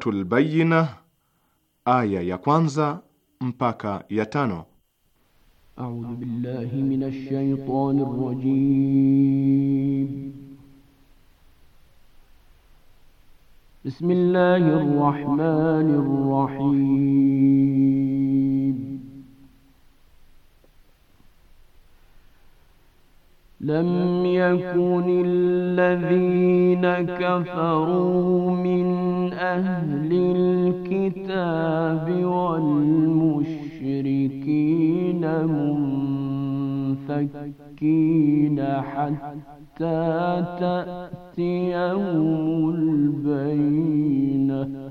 Suratul Bayyina aya ya kwanza mpaka ya tano. A'udhu billahi minash shaitani rrajim. Bismillahir rahmanir rahim. Lam يكن الذين كفروا من أهل الكتاب والمشركين منفكين حتى تأتيهم البينة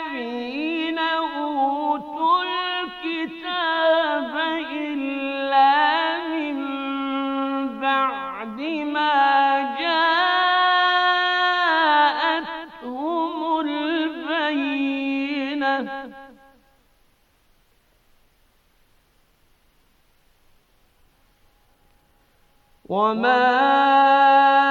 وما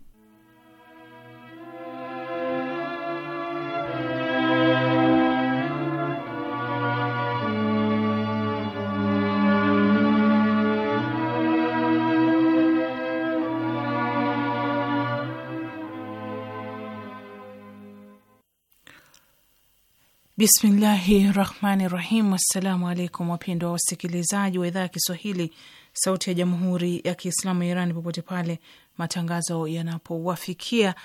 Bismillahi rahmani rahim. Assalamu alaikum wapendwa wa wasikilizaji wa idhaa ya Kiswahili sauti ya jamhuri ya Kiislamu ya Iran popote pale matangazo yanapowafikia.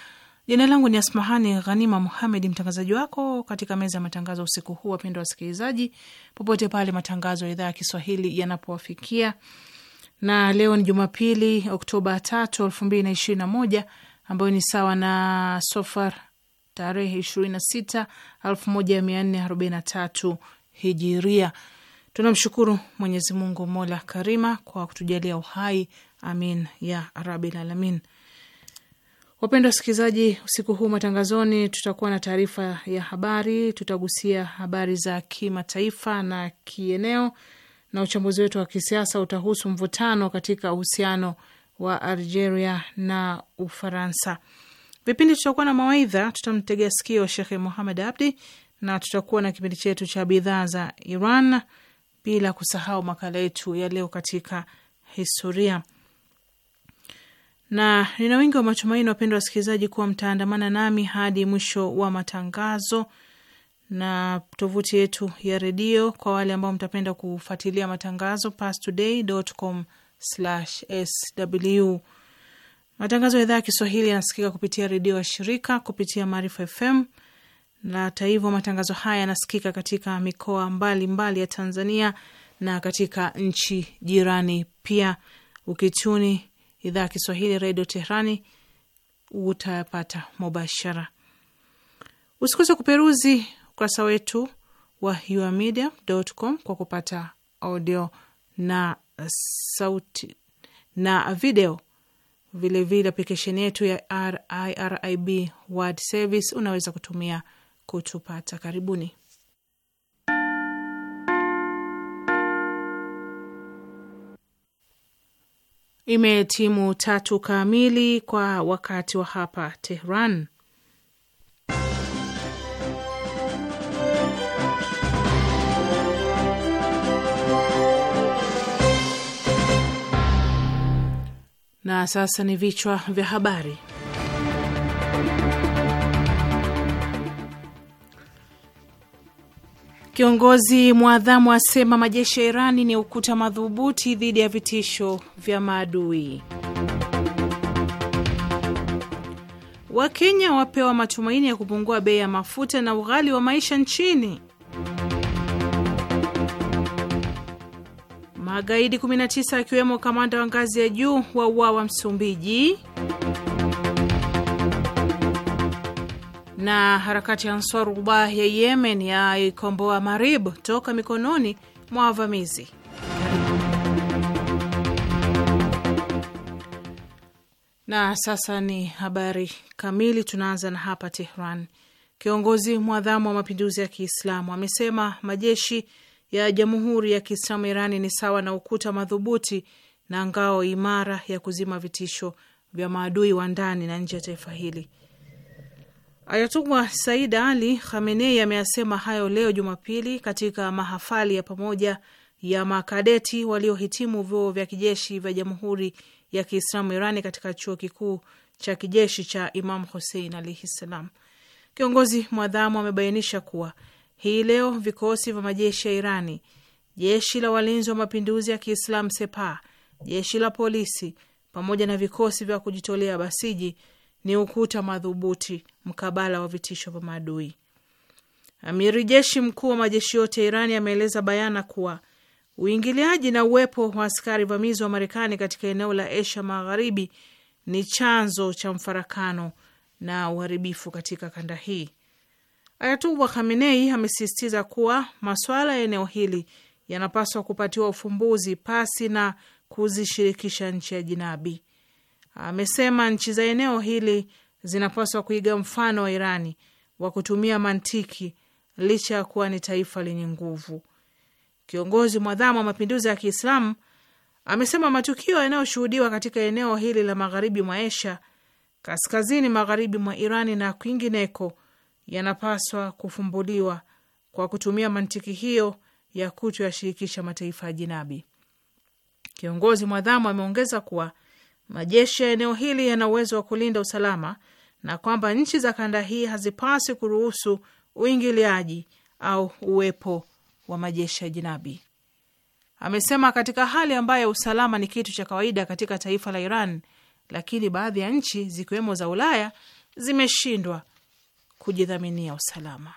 Jina langu ni Asmahani Ghanima Muhamed, mtangazaji wako katika meza ya matangazo usiku huu. Wapendwa wasikilizaji, popote pale matangazo ya idhaa ya Kiswahili yanapowafikia, na leo ni Jumapili Oktoba tatu elfu mbili na ishirini na moja ambayo ni sawa na Sofar tarehe 26 1443 hijiria. Tunamshukuru Mwenyezi Mungu mola karima kwa kutujalia uhai, amin ya rabil alamin. Wapendwa wasikilizaji, usiku huu matangazoni tutakuwa na taarifa ya habari, tutagusia habari za kimataifa na kieneo, na uchambuzi wetu wa kisiasa utahusu mvutano katika uhusiano wa Algeria na Ufaransa. Vipindi tutakuwa na mawaidha, tutamtegea sikio Shekhe muhamad Abdi na tutakuwa na kipindi chetu cha bidhaa za Iran, bila kusahau makala yetu ya leo katika historia. Na nina wingi wa matumaini, wapendwa wasikilizaji, kuwa mtaandamana nami hadi mwisho wa matangazo na tovuti yetu ya redio kwa wale ambao mtapenda kufuatilia matangazo pastoday.com/sw Matangazo ya idhaa ya Kiswahili yanasikika kupitia redio washirika kupitia Maarifa FM na hata hivyo matangazo haya yanasikika katika mikoa mbalimbali mbali ya Tanzania na katika nchi jirani pia. Ukituni idhaa ya Kiswahili redio Teherani utayapata mubashara. Usikose kuperuzi ukurasa wetu wa uamedia.com kwa kupata audio na sauti na video Vilevile aplikesheni yetu ya RIRIB World Service unaweza kutumia kutupata. Karibuni. Imetimu tatu kamili kwa wakati wa hapa Tehran. Na sasa ni vichwa vya habari. Kiongozi mwadhamu asema majeshi ya Irani ni ukuta madhubuti dhidi ya vitisho vya maadui. Wakenya wapewa matumaini ya kupungua bei ya mafuta na ughali wa maisha nchini. Magaidi 19 akiwemo kamanda wa ngazi ya juu wa uawa Msumbiji. Na harakati ya Ansarullah ya Yemen yaikomboa Marib toka mikononi mwa wavamizi. Na sasa ni habari kamili. Tunaanza na hapa Tehran. Kiongozi mwadhamu wa mapinduzi ya Kiislamu amesema majeshi ya Jamhuri ya Kiislamu Irani ni sawa na ukuta madhubuti na ngao imara ya kuzima vitisho vya maadui wa ndani na nje ya taifa hili. Ayatullah Said Ali Khamenei ameyasema hayo leo Jumapili katika mahafali ya pamoja ya makadeti waliohitimu vyuo vya kijeshi vya Jamhuri ya Kiislamu Irani katika chuo kikuu cha kijeshi cha Imam Hussein alaihi ssalam. Kiongozi mwadhamu amebainisha kuwa hii leo vikosi vya majeshi ya Irani, jeshi la walinzi wa mapinduzi ya Kiislamu Sepa, jeshi la polisi pamoja na vikosi vya kujitolea Basiji ni ukuta madhubuti mkabala wa vitisho vya maadui. Amiri jeshi mkuu wa majeshi yote Irani ameeleza bayana kuwa uingiliaji na uwepo wa askari vamizi wa Marekani katika eneo la Asia Magharibi ni chanzo cha mfarakano na uharibifu katika kanda hii. Ayatullah Khamenei amesisitiza kuwa masuala ya eneo hili yanapaswa kupatiwa ufumbuzi pasi na kuzishirikisha nchi ya jinabi. Amesema nchi za eneo hili zinapaswa kuiga mfano wa Irani wa kutumia mantiki licha ya kuwa ni taifa lenye nguvu. Kiongozi mwadhamu wa mapinduzi ya Kiislamu amesema matukio yanayoshuhudiwa katika eneo hili la magharibi mwa Asia, kaskazini magharibi mwa Irani na kwingineko yanapaswa kufumbuliwa kwa kutumia mantiki hiyo ya kutoyashirikisha mataifa ya jinabi. Kiongozi mwadhamu ameongeza kuwa majeshi ya eneo hili yana uwezo wa kulinda usalama na kwamba nchi za kanda hii hazipasi kuruhusu uingiliaji au uwepo wa majeshi ya jinabi. Amesema katika hali ambayo usalama ni kitu cha kawaida katika taifa la Iran, lakini baadhi ya nchi zikiwemo za Ulaya zimeshindwa kujidhaminia usalama.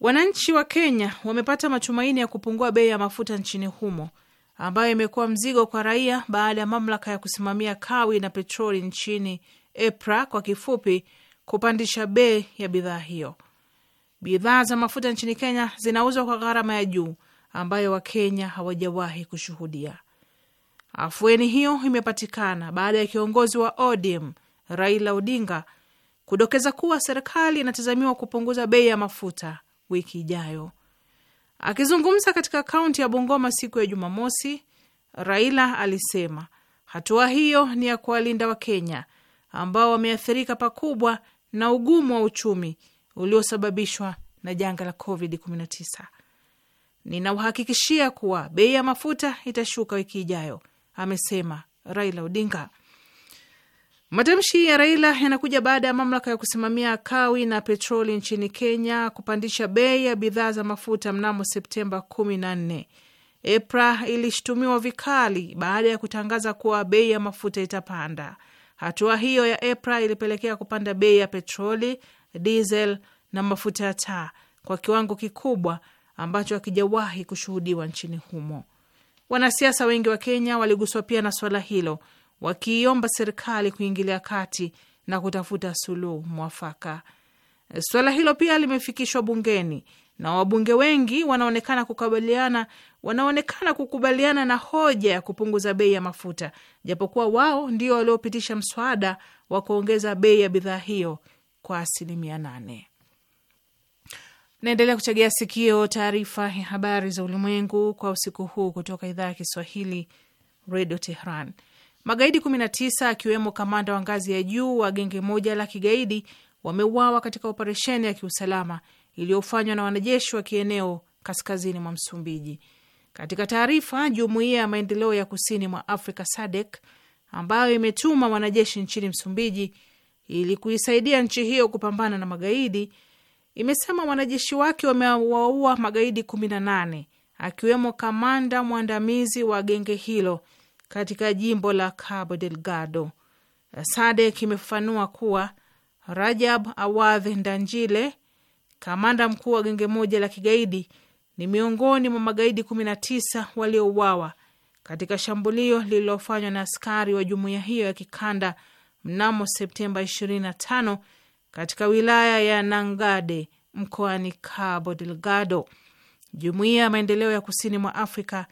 Wananchi wa Kenya wamepata matumaini ya kupungua bei ya mafuta nchini humo ambayo imekuwa mzigo kwa raia baada ya mamlaka ya kusimamia kawi na petroli nchini EPRA kwa kifupi kupandisha bei ya bidhaa hiyo. Bidhaa za mafuta nchini Kenya zinauzwa kwa gharama ya juu ambayo Wakenya hawajawahi kushuhudia. Afueni hiyo imepatikana baada ya kiongozi wa ODM Raila Odinga kudokeza kuwa serikali inatazamiwa kupunguza bei ya mafuta wiki ijayo. Akizungumza katika kaunti ya Bungoma siku ya Jumamosi, Raila alisema hatua hiyo ni ya kuwalinda Wakenya ambao wameathirika pakubwa na ugumu wa uchumi uliosababishwa na janga la COVID-19. Ninauhakikishia kuwa bei ya mafuta itashuka wiki ijayo, amesema Raila Odinga. Matamshi ya Raila yanakuja baada ya mamlaka ya kusimamia kawi na petroli nchini Kenya kupandisha bei ya bidhaa za mafuta mnamo Septemba kumi na nne. EPRA ilishutumiwa vikali baada ya kutangaza kuwa bei ya mafuta itapanda. Hatua hiyo ya EPRA ilipelekea kupanda bei ya petroli, diesel na mafuta ya taa kwa kiwango kikubwa ambacho hakijawahi kushuhudiwa nchini humo. Wanasiasa wengi wa Kenya waliguswa pia na swala hilo wakiiomba serikali kuingilia kati na kutafuta suluhu mwafaka. Suala hilo pia limefikishwa bungeni na wabunge wengi wanaonekana kukubaliana wanaonekana kukubaliana na hoja ya kupunguza bei ya mafuta, japokuwa wao ndio waliopitisha mswada wa kuongeza bei ya bidhaa hiyo kwa asilimia nane. Naendelea kuchegea sikio taarifa ya habari za ulimwengu kwa usiku huu kutoka idhaa ya Kiswahili, Redio Tehran. Magaidi 19 akiwemo kamanda wa ngazi ya juu wa genge moja la kigaidi wameuawa katika operesheni ya kiusalama iliyofanywa na wanajeshi wa kieneo kaskazini mwa Msumbiji. Katika taarifa, jumuiya ya maendeleo ya kusini mwa Afrika SADC ambayo imetuma wanajeshi nchini Msumbiji ili kuisaidia nchi hiyo kupambana na magaidi imesema wanajeshi wake wamewaua magaidi 18 akiwemo kamanda mwandamizi wa genge hilo katika jimbo la Cabo Delgado. Sadek imefafanua kuwa Rajab Awadh Ndanjile, kamanda mkuu wa genge moja la kigaidi, ni miongoni mwa magaidi 19 waliouawa katika shambulio lililofanywa na askari wa jumuiya hiyo ya kikanda mnamo Septemba 25 katika wilaya ya Nangade mkoani Cabo Delgado. Jumuiya ya maendeleo ya kusini mwa Afrika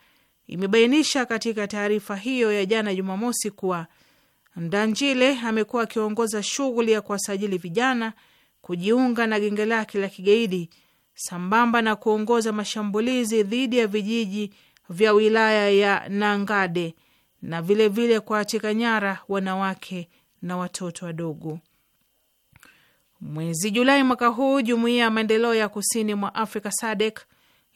imebainisha katika taarifa hiyo ya jana Jumamosi kuwa Ndanjile amekuwa akiongoza shughuli ya kuwasajili vijana kujiunga na genge lake la kigaidi sambamba na kuongoza mashambulizi dhidi ya vijiji vya wilaya ya Nangade na vilevile kuwateka nyara wanawake na watoto wadogo. Mwezi Julai mwaka huu, jumuiya ya maendeleo ya kusini mwa Afrika SADC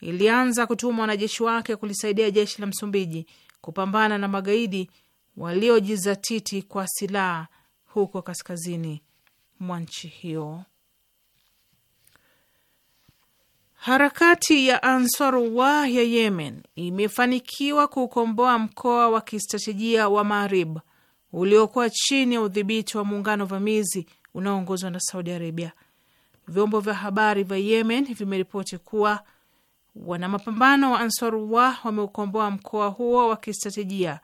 ilianza kutuma wanajeshi wake kulisaidia jeshi la Msumbiji kupambana na magaidi waliojizatiti kwa silaha huko kaskazini mwa nchi hiyo. Harakati ya Ansarullah ya Yemen imefanikiwa kuukomboa mkoa wa kistratejia wa Marib uliokuwa chini ya udhibiti wa muungano vamizi unaoongozwa na Saudi Arabia. Vyombo vya habari vya Yemen vimeripoti kuwa Wanamapambano wa Ansarullah wameukomboa mkoa huo wa kistratejia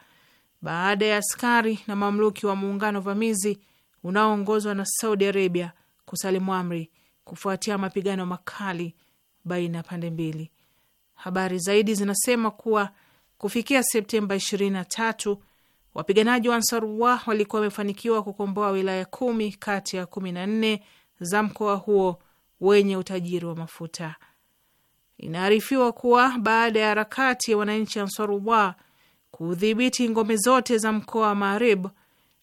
baada ya askari na mamluki wa muungano vamizi unaoongozwa na Saudi Arabia kusalimu amri kufuatia mapigano makali baina ya pande mbili. Habari zaidi zinasema kuwa kufikia Septemba 23 wapiganaji wa Ansarullah walikuwa wamefanikiwa kukomboa wilaya kumi kati ya kumi na nne za mkoa huo wenye utajiri wa mafuta. Inaarifiwa kuwa baada ya harakati ya wananchi Ansarullah kudhibiti ngome zote za mkoa wa Marib,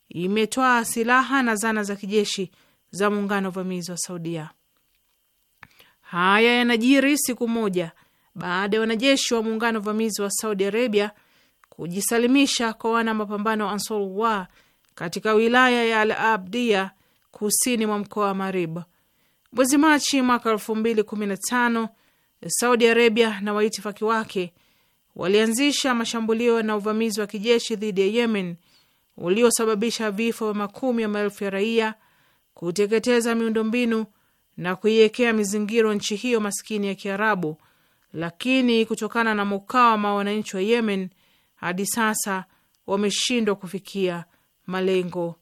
imetoa silaha na zana za kijeshi za muungano wa uvamizi wa Saudia. Haya yanajiri siku moja baada ya wanajeshi wa muungano vamizi uvamizi wa Saudi Arabia kujisalimisha kwa wana mapambano wa Ansarullah katika wilaya ya Al Abdia kusini mwa mkoa wa Marib. Mwezi Machi mwaka elfu mbili kumi na tano Saudi Arabia na waitifaki wake walianzisha mashambulio na uvamizi wa kijeshi dhidi ya Yemen uliosababisha vifo makumi ya maelfu ya raia, kuteketeza miundombinu na kuiwekea mizingiro nchi hiyo maskini ya Kiarabu. Lakini kutokana na mukawama wa wananchi wa Yemen, hadi sasa wameshindwa kufikia malengo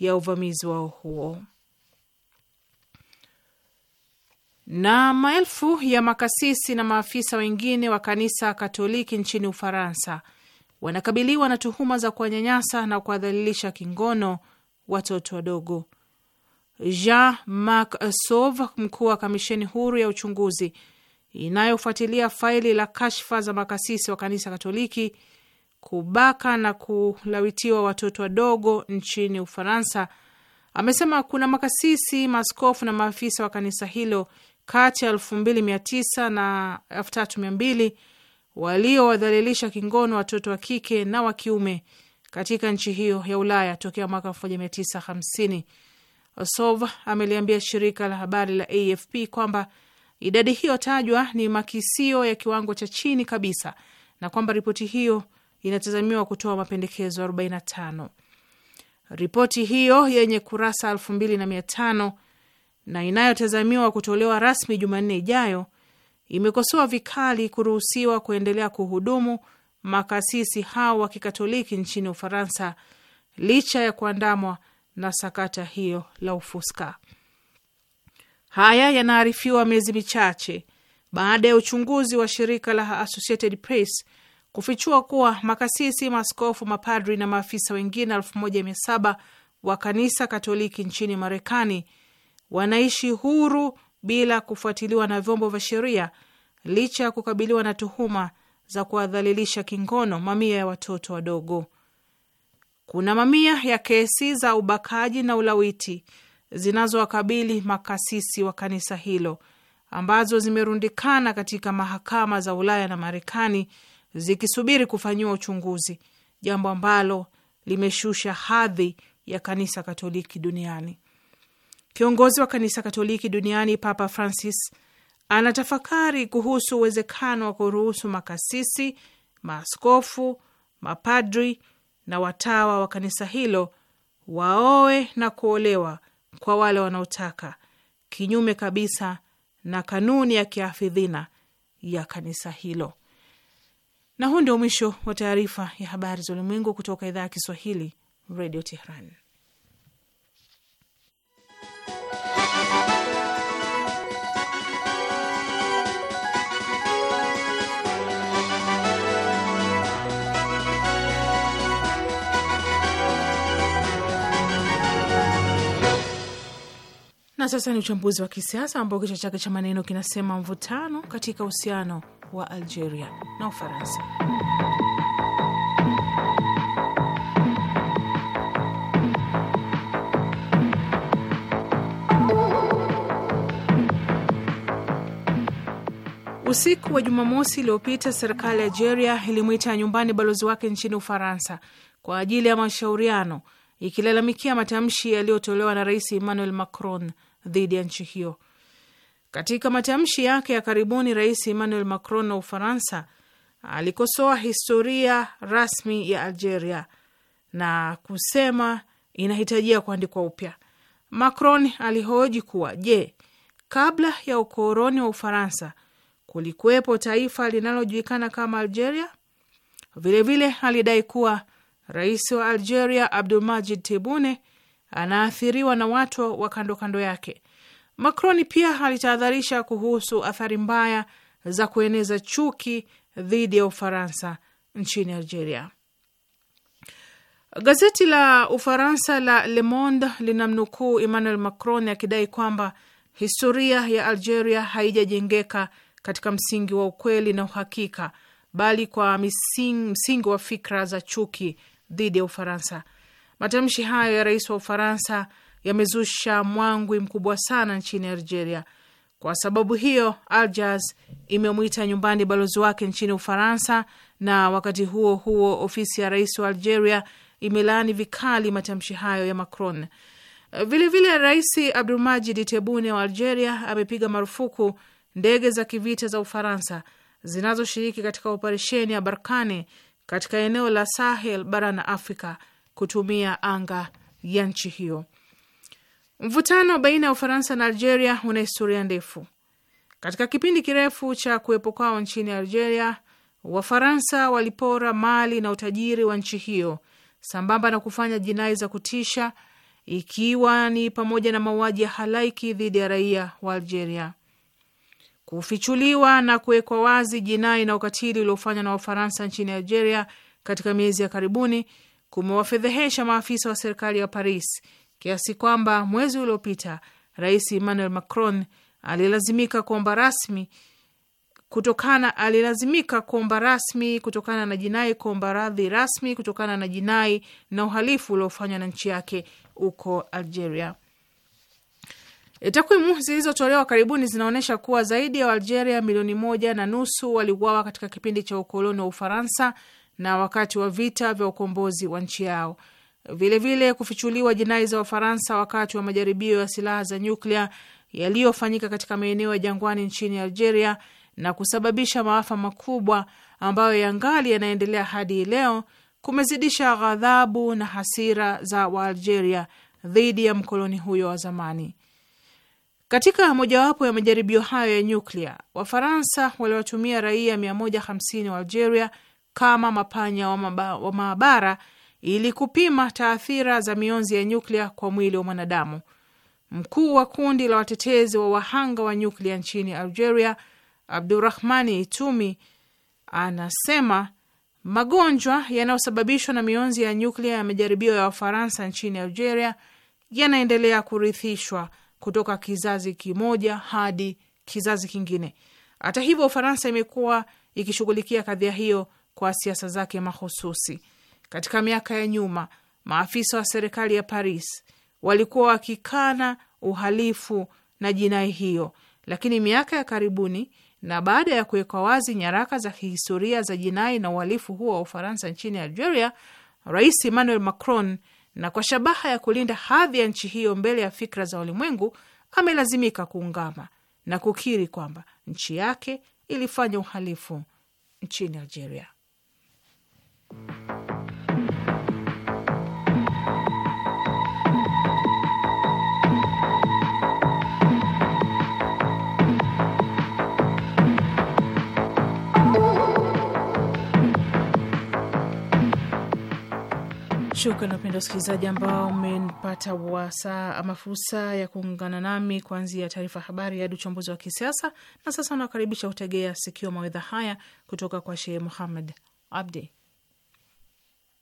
ya uvamizi wao huo. na maelfu ya makasisi na maafisa wengine wa kanisa Katoliki nchini Ufaransa wanakabiliwa na tuhuma za kuwanyanyasa na kuwadhalilisha kingono watoto wadogo. Jean Marc Sauve, mkuu wa kamisheni huru ya uchunguzi inayofuatilia faili la kashfa za makasisi wa kanisa Katoliki kubaka na kulawitiwa watoto wadogo nchini Ufaransa, amesema kuna makasisi, maaskofu na maafisa wa kanisa hilo kati ya elfu mbili mia tisa na elfu tatu mia mbili waliowadhalilisha kingono watoto wa kike na wa kiume katika nchi hiyo ya Ulaya tokea mwaka hamsini. Sov ameliambia shirika la habari la AFP kwamba idadi hiyo tajwa ni makisio ya kiwango cha chini kabisa na kwamba ripoti hiyo inatazamiwa kutoa mapendekezo 45. Ripoti hiyo yenye kurasa tano na inayotazamiwa kutolewa rasmi Jumanne ijayo imekosoa vikali kuruhusiwa kuendelea kuhudumu makasisi hao wa Kikatoliki nchini Ufaransa licha ya kuandamwa na sakata hiyo la ufuska. Haya yanaarifiwa miezi michache baada ya uchunguzi wa shirika la Associated Press kufichua kuwa makasisi, maskofu, mapadri na maafisa wengine 17 wa kanisa Katoliki nchini Marekani wanaishi huru bila kufuatiliwa na vyombo vya sheria licha ya kukabiliwa na tuhuma za kuwadhalilisha kingono mamia ya watoto wadogo. Kuna mamia ya kesi za ubakaji na ulawiti zinazowakabili makasisi wa kanisa hilo ambazo zimerundikana katika mahakama za Ulaya na Marekani zikisubiri kufanyiwa uchunguzi, jambo ambalo limeshusha hadhi ya kanisa Katoliki duniani. Kiongozi wa kanisa Katoliki duniani Papa Francis anatafakari kuhusu uwezekano wa kuruhusu makasisi, maaskofu, mapadri na watawa wa kanisa hilo waoe na kuolewa kwa wale wanaotaka, kinyume kabisa na kanuni ya kiafidhina ya kanisa hilo. Na huu ndio mwisho wa taarifa ya habari za ulimwengu kutoka idhaa ya Kiswahili, Redio Tehran. Na sasa ni uchambuzi wa kisiasa ambao kichwa chake cha maneno kinasema mvutano katika uhusiano wa Algeria na Ufaransa. Usiku wa Jumamosi iliyopita serikali ya Algeria ilimwita nyumbani balozi wake nchini Ufaransa kwa ajili ya mashauriano, ikilalamikia matamshi yaliyotolewa na Rais Emmanuel Macron dhidi ya nchi hiyo. Katika matamshi yake ya karibuni, Rais Emmanuel Macron wa Ufaransa alikosoa historia rasmi ya Algeria na kusema inahitajia kuandikwa upya. Macron alihoji kuwa je, kabla ya ukoloni wa Ufaransa kulikuwepo taifa linalojulikana kama Algeria? Vilevile vile alidai kuwa rais wa Algeria Abdulmajid Tebune anaathiriwa na watu wa kando kando yake. Macron pia alitahadharisha kuhusu athari mbaya za kueneza chuki dhidi ya Ufaransa nchini Algeria. Gazeti la Ufaransa la Le Monde linamnukuu Emmanuel Macron akidai kwamba historia ya Algeria haijajengeka katika msingi wa ukweli na uhakika, bali kwa msingi wa fikra za chuki dhidi ya Ufaransa. Matamshi hayo ya rais wa Ufaransa yamezusha mwangwi mkubwa sana nchini Algeria. Kwa sababu hiyo, Aljaz imemwita nyumbani balozi wake nchini Ufaransa, na wakati huo huo ofisi ya rais wa Algeria imelaani vikali matamshi hayo ya Macron. Vilevile, rais Abdulmajid tebune wa Algeria amepiga marufuku ndege za kivita za Ufaransa zinazoshiriki katika operesheni ya barkani katika eneo la Sahel barani Afrika kutumia anga ya nchi hiyo. Mvutano baina ya Ufaransa na Algeria una historia ndefu. Katika kipindi kirefu cha kuwepo kwao nchini Algeria, Wafaransa walipora mali na utajiri wa nchi hiyo sambamba na kufanya jinai za kutisha, ikiwa ni pamoja na mauaji ya halaiki dhidi ya raia wa Algeria. Kufichuliwa na kuwekwa wazi jinai na ukatili uliofanywa na Wafaransa nchini Algeria katika miezi ya karibuni kumewafedhehesha maafisa wa serikali ya Paris kiasi kwamba mwezi uliopita Rais Emmanuel Macron alilazimika kuomba rasmi kutokana alilazimika kuomba rasmi kutokana na jinai kuomba radhi rasmi kutokana na jinai na uhalifu uliofanywa na nchi yake huko Algeria. E, takwimu zilizotolewa karibuni zinaonyesha kuwa zaidi ya Waalgeria milioni moja na nusu waliuawa katika kipindi cha ukoloni wa Ufaransa na wakati wa vita vya ukombozi wa nchi yao. Vilevile vile kufichuliwa jinai za Wafaransa wakati wa majaribio ya silaha za nyuklia yaliyofanyika katika maeneo ya jangwani nchini Algeria na kusababisha maafa makubwa ambayo yangali yanaendelea hadi leo kumezidisha ghadhabu na hasira za Waalgeria dhidi ya mkoloni huyo wa zamani. Katika mojawapo ya majaribio hayo ya nyuklia, Wafaransa waliwatumia raia 150 wa Algeria kama mapanya wa maabara ili kupima taathira za mionzi ya nyuklia kwa mwili wa mwanadamu. Mkuu wa kundi la watetezi wa wahanga wa nyuklia nchini Algeria, Abdurahmani Itumi, anasema magonjwa yanayosababishwa na mionzi ya nyuklia ya majaribio ya Wafaransa nchini Algeria yanaendelea kurithishwa kutoka kizazi kimoja hadi kizazi kingine. Hata hivyo, Ufaransa imekuwa ikishughulikia kadhia hiyo kwa siasa zake mahususi. Katika miaka ya nyuma, maafisa wa serikali ya Paris walikuwa wakikana uhalifu na jinai hiyo, lakini miaka ya karibuni na baada ya kuwekwa wazi nyaraka za kihistoria za jinai na uhalifu huo wa Ufaransa nchini Algeria, Rais Emmanuel Macron, na kwa shabaha ya kulinda hadhi ya nchi hiyo mbele ya fikra za ulimwengu, amelazimika kuungama na kukiri kwamba nchi yake ilifanya uhalifu nchini Algeria. Shukran wapenda wasikilizaji ambao mmepata wasaa ama fursa ya kuungana nami kuanzia taarifa habari hadi uchambuzi wa kisiasa. Na sasa nawakaribisha kutegea sikio mawedha haya kutoka kwa Shehe Muhammad Abdi.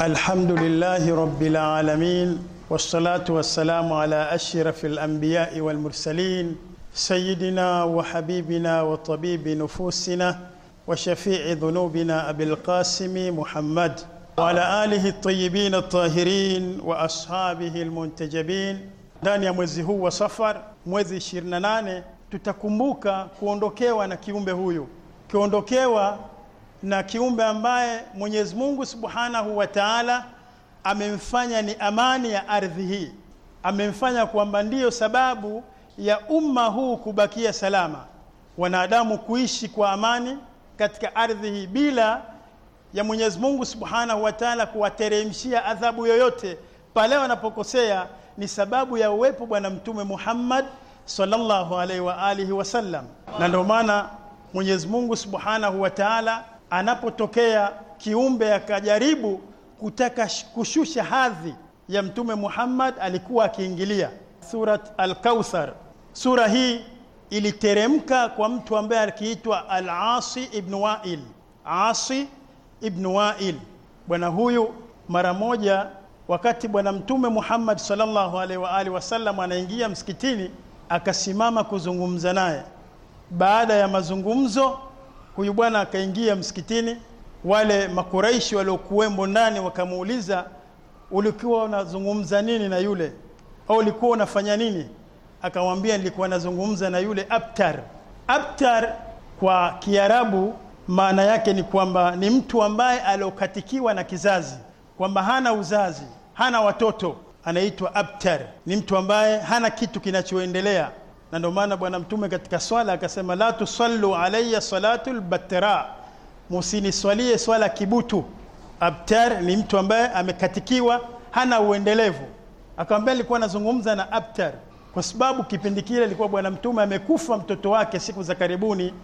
الحمد لله رب العالمين والصلاة والسلام على أشرف الأنبياء والمرسلين سيدنا وحبيبنا وطبيب نفوسنا وشفيع ذنوبنا أبي القاسم محمد وعلى آله الطيبين الطاهرين وأصحابه المنتجبين داني ya هو صفر wa Safar, mwezi 28, tutakumbuka kuondokewa na na kiumbe ambaye Mwenyezi Mungu Subhanahu wa Ta'ala amemfanya ni amani ya ardhi hii, amemfanya kwamba ndiyo sababu ya umma huu kubakia salama, wanadamu kuishi kwa amani katika ardhi hii bila ya Mwenyezi Mungu Subhanahu wa Ta'ala kuwateremshia adhabu yoyote pale wanapokosea, ni sababu ya uwepo Bwana Mtume Muhammad sallallahu alaihi wa alihi wasallam, na ndio maana Mwenyezi Mungu Subhanahu wa Ta'ala anapotokea kiumbe akajaribu kutaka kushusha hadhi ya mtume Muhammad alikuwa akiingilia surat al sura hii iliteremka kwa mtu ambaye akiitwa al-Asi ibn Wa'il Asi ibn Wa'il bwana huyu mara moja wakati bwana mtume Muhammad sallallahu alaihi wa alihi wasallam anaingia msikitini akasimama kuzungumza naye baada ya mazungumzo huyu bwana akaingia msikitini wale makuraishi waliokuwemo ndani wakamuuliza ulikuwa unazungumza nini na yule au ulikuwa unafanya nini akamwambia nilikuwa nazungumza na yule abtar abtar kwa kiarabu maana yake ni kwamba ni mtu ambaye aliokatikiwa na kizazi kwamba hana uzazi hana watoto anaitwa abtar ni mtu ambaye hana kitu kinachoendelea na ndio maana bwana mtume katika swala akasema la tusallu alayya salatul lbatra musiniswalie swala kibutu abtar ni mtu ambaye amekatikiwa hana uendelevu akamwambia nilikuwa nazungumza na abtar kwa sababu kipindi kile alikuwa bwana mtume amekufa mtoto wake siku za karibuni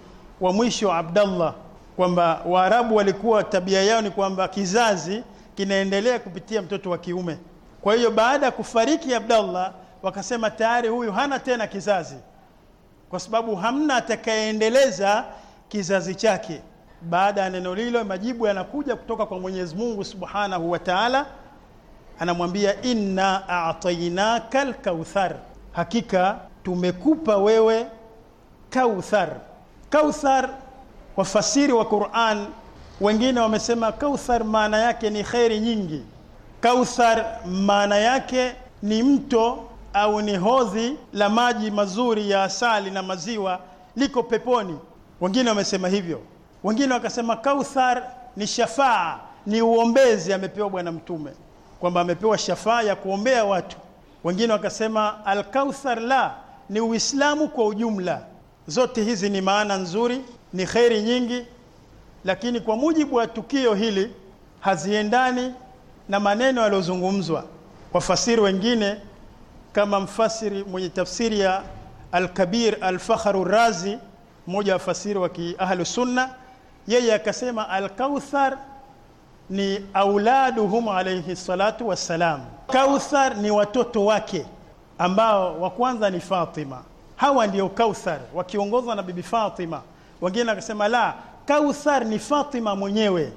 wa mwisho Abdallah kwamba Waarabu walikuwa tabia yao ni kwamba kizazi kinaendelea kupitia mtoto wa kiume kwa hiyo baada ya kufariki Abdallah wakasema tayari huyu hana tena kizazi kwa sababu hamna atakayeendeleza kizazi chake baada ya neno lilo majibu yanakuja kutoka kwa Mwenyezi Mungu Subhanahu wa Ta'ala anamwambia inna a'tainaka al-kauthar hakika tumekupa wewe kauthar kauthar wafasiri wa Qur'an wengine wamesema kauthar maana yake ni khairi nyingi kauthar maana yake ni mto au ni hodhi la maji mazuri ya asali na maziwa liko peponi. Wengine wamesema hivyo, wengine wakasema Kauthar ni shafaa, ni uombezi amepewa Bwana Mtume, kwamba amepewa shafaa ya kuombea watu. Wengine wakasema Alkauthar la ni Uislamu kwa ujumla. Zote hizi ni maana nzuri, ni kheri nyingi, lakini kwa mujibu wa tukio hili haziendani na maneno yaliyozungumzwa. Wafasiri wengine kama mfasiri mwenye tafsiri ya Al-Kabir Al-Fakhr Razi mmoja wa fasiri wa Ahlus Sunna yeye akasema Al-Kauthar ni auladuhum alayhi salatu wassalam. Kauthar ni watoto wake ambao wa kwanza ni Fatima. Hawa ndio Kauthar wakiongozwa na bibi Fatima. Wengine akasema la, Kauthar ni Fatima mwenyewe,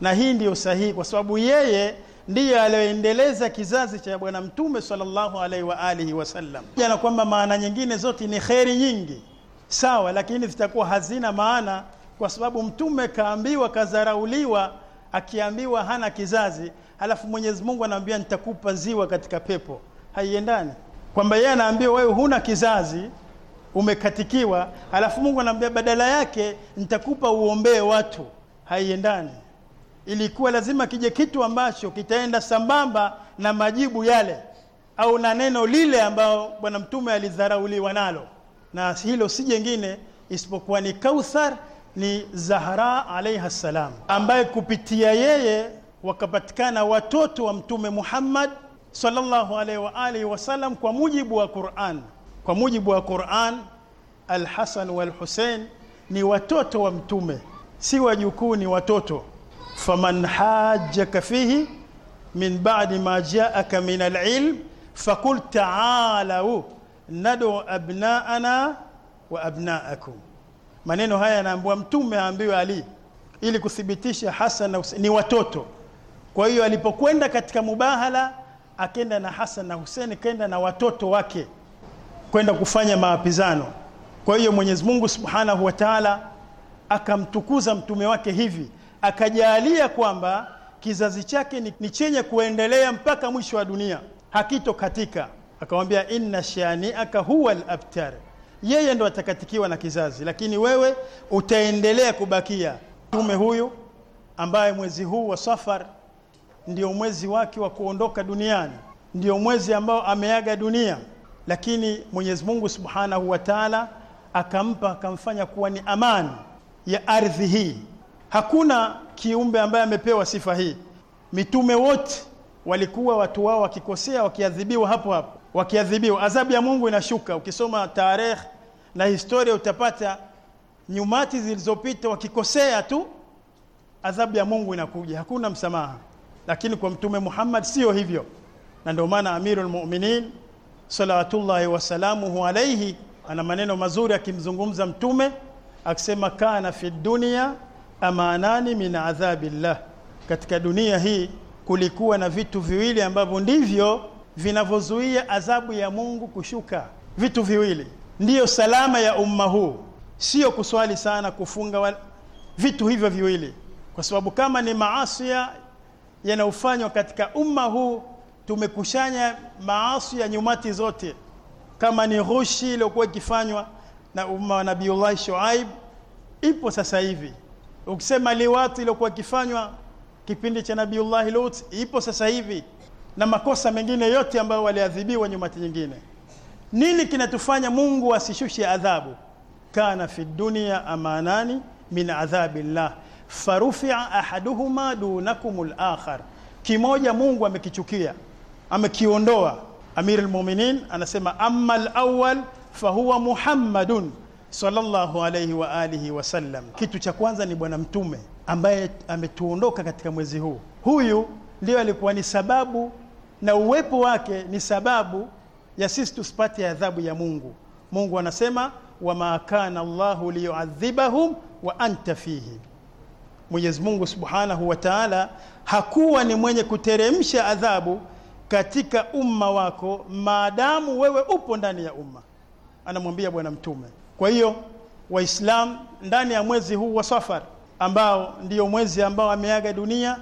na hii ndiyo sahihi kwa sababu yeye ndiyo aliyoendeleza kizazi cha bwana mtume sallallahu alaihi wa alihi wasallam, na kwamba maana nyingine zote ni kheri nyingi sawa, lakini zitakuwa hazina maana, kwa sababu mtume kaambiwa, kadharauliwa, akiambiwa hana kizazi, alafu Mwenyezi Mungu anaambia nitakupa ziwa katika pepo. Haiendani kwamba yeye anaambiwa wewe huna kizazi, umekatikiwa, alafu Mungu anaambia badala yake nitakupa uombee watu. Haiendani ilikuwa lazima kije kitu ambacho kitaenda sambamba na majibu yale au na neno lile ambao bwana mtume alidharauliwa nalo na hilo si jengine isipokuwa ni kauthar ni zahra alaihi salam ambaye kupitia yeye wakapatikana watoto wa mtume muhammad sallallahu alaihi wa alihi wasallam kwa mujibu wa quran kwa mujibu wa quran alhasan walhusein ni watoto wa mtume si wajukuu ni watoto faman hajjaka fihi min ba'di ma ja'aka min al-ilm fakul ta'alau nadu abna'ana wa abna'akum maneno haya yanaambiwa mtume aambiwa ali ili kuthibitisha Hasan ni watoto kwa hiyo alipokwenda katika mubahala akenda na Hasan na Hussein kenda na watoto wake kwenda kufanya maapizano kwa hiyo Mwenyezi Mungu Subhanahu wa Ta'ala akamtukuza mtume wake hivi akajalia kwamba kizazi chake ni, ni chenye kuendelea mpaka mwisho wa dunia hakitokatika akamwambia inna shaniaka huwa al yeye ndo atakatikiwa na kizazi lakini wewe utaendelea kubakia mtume huyu ambaye mwezi huu wa safar ndio mwezi wake wa kuondoka duniani ndio mwezi ambao ameaga dunia lakini Mwenyezi Mungu Subhanahu wa Ta'ala akampa akamfanya kuwa ni amani ya ardhi hii Hakuna kiumbe ambaye amepewa sifa hii. Mitume wote walikuwa watu wao wakikosea wakiadhibiwa hapo hapo, wakiadhibiwa adhabu ya Mungu inashuka. Ukisoma tarehe na historia utapata nyumati zilizopita wakikosea tu adhabu ya Mungu inakuja, hakuna msamaha. Lakini kwa Mtume Muhammad sio hivyo, na ndio maana Amirul Mu'minin salawatullahi wasalamuhu alaihi ana maneno mazuri akimzungumza Mtume akisema, kana fi dunia amanani min adhabillah katika dunia hii kulikuwa na vitu viwili ambavyo ndivyo vinavyozuia adhabu ya Mungu kushuka vitu viwili ndiyo salama ya umma huu sio kuswali sana kufunga wa... vitu hivyo viwili kwa sababu kama ni maasi yanayofanywa katika umma huu tumekushanya maasi ya nyumati zote kama ni rushi iliyokuwa ikifanywa na umma wa nabiullahi Shuaib ipo sasa hivi ukisema liwati iliyokuwa ikifanywa kipindi cha Nabiiullah Lut ipo sasa hivi na makosa mengine yote ambayo waliadhibiwa nyumati nyingine. Nini kinatufanya Mungu asishushe adhabu? Kana fi dunia amanani min adhabillah farufia ahaduhuma dunakum lakhar kimoja Mungu amekichukia amekiondoa. Amirul Mu'minin anasema amma lawal fahuwa Muhammadun sallallahu alayhi wa alihi wasallam. Kitu cha kwanza ni Bwana Mtume ambaye ametuondoka katika mwezi huu. Huyu ndio alikuwa ni sababu na uwepo wake ni sababu ya sisi tusipate adhabu ya Mungu. Mungu anasema wama kana Allahu liyuadhibahum wa anta fihi, Mwenyezi Mungu subhanahu wa taala hakuwa ni mwenye kuteremsha adhabu katika umma wako maadamu wewe upo ndani ya umma, anamwambia Bwana Mtume. Kwa hiyo Waislam ndani ya mwezi huu wa Safar ambao ndiyo mwezi ambao ameaga dunia,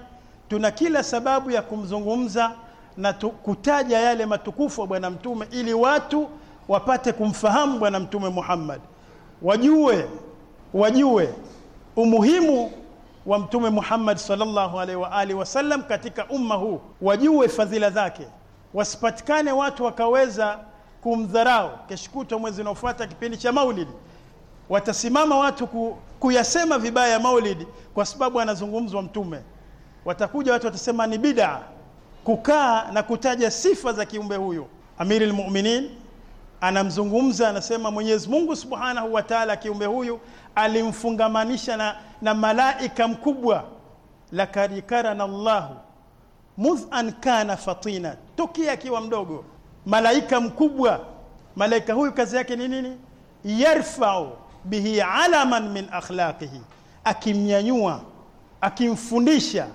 tuna kila sababu ya kumzungumza na tu, kutaja yale matukufu ya Bwana Mtume ili watu wapate kumfahamu Bwana Mtume Muhammad, wajue wajue umuhimu wa Mtume Muhammad sallallahu alaihi wa alihi wasallam katika umma huu, wajue fadhila zake, wasipatikane watu wakaweza kumdharau keshkuto mwezi unaofuata kipindi cha maulidi watasimama watu ku, kuyasema vibaya maulidi kwa sababu anazungumzwa mtume watakuja watu watasema ni bid'a kukaa na kutaja sifa za kiumbe huyo amiri lmuminin anamzungumza anasema mwenyezi mungu subhanahu wa taala kiumbe huyu alimfungamanisha na, na malaika mkubwa lakad karana llahu mudh an kana fatina tokia akiwa mdogo malaika mkubwa malaika huyu kazi yake ni nini yarfau bihi alaman min akhlaqihi akimnyanyua akimfundisha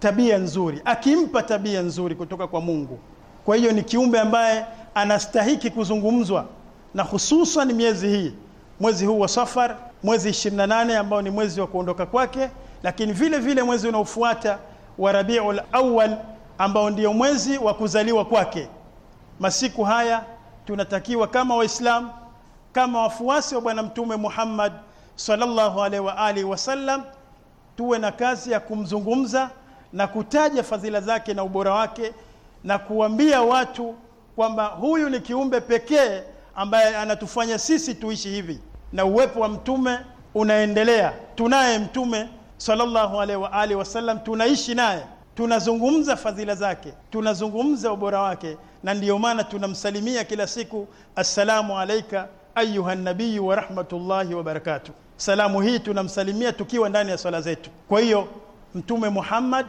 tabia nzuri akimpa tabia nzuri kutoka kwa Mungu kwa hiyo ni kiumbe ambaye anastahiki kuzungumzwa na hususan miezi hii mwezi huu wa Safar mwezi 28 ambao ni mwezi wa kuondoka kwake lakini vile vile mwezi unaofuata wa Rabiul Awwal ambao ndio mwezi wa kuzaliwa kwake masiku haya tunatakiwa kama waislamu kama wafuasi wa bwana mtume Muhammad sallallahu alaihi wa wasallam tuwe na kazi ya kumzungumza na kutaja fadhila zake na ubora wake na kuambia watu kwamba huyu ni kiumbe pekee ambaye anatufanya sisi tuishi hivi na uwepo wa mtume unaendelea tunaye mtume sallallahu alaihi wa wasallam tunaishi naye tunazungumza fadhila zake tunazungumza ubora wake na ndiyo maana tunamsalimia kila siku assalamu alaika ayuha nabiyu wa rahmatullahi wa barakatuh salamu hii tunamsalimia tukiwa ndani ya swala zetu kwa hiyo mtume Muhammad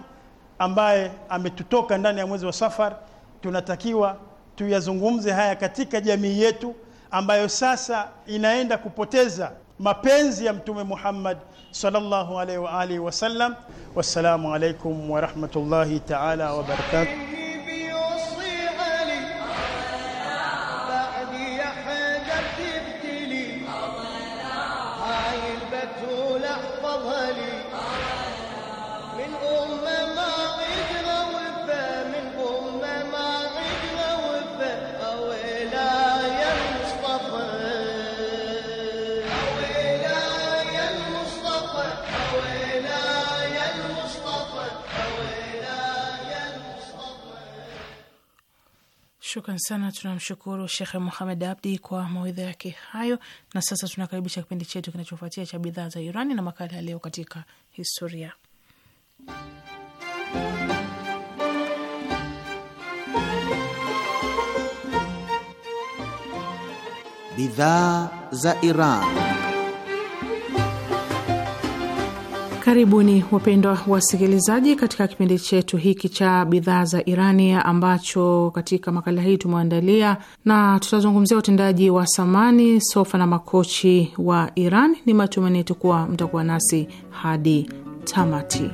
ambaye ametutoka ndani ya mwezi wa Safar tunatakiwa tuyazungumze haya katika jamii yetu ambayo sasa inaenda kupoteza mapenzi ya mtume Muhammad صلى الله عليه وآله وسلم والسلام عليكم ورحمة الله تعالى وبركاته Shukran sana, tunamshukuru Shekhe Muhamed Abdi kwa mawaidha yake hayo. Na sasa tunakaribisha kipindi chetu kinachofuatia cha bidhaa za Irani na makala ya leo katika historia. Bidhaa za Iran. Karibuni wapendwa wasikilizaji, katika kipindi chetu hiki cha bidhaa za Irani ambacho katika makala hii tumeandalia na tutazungumzia utendaji wa samani, sofa na makochi wa Iran. Ni matumaini yetu kuwa mtakuwa nasi hadi tamati.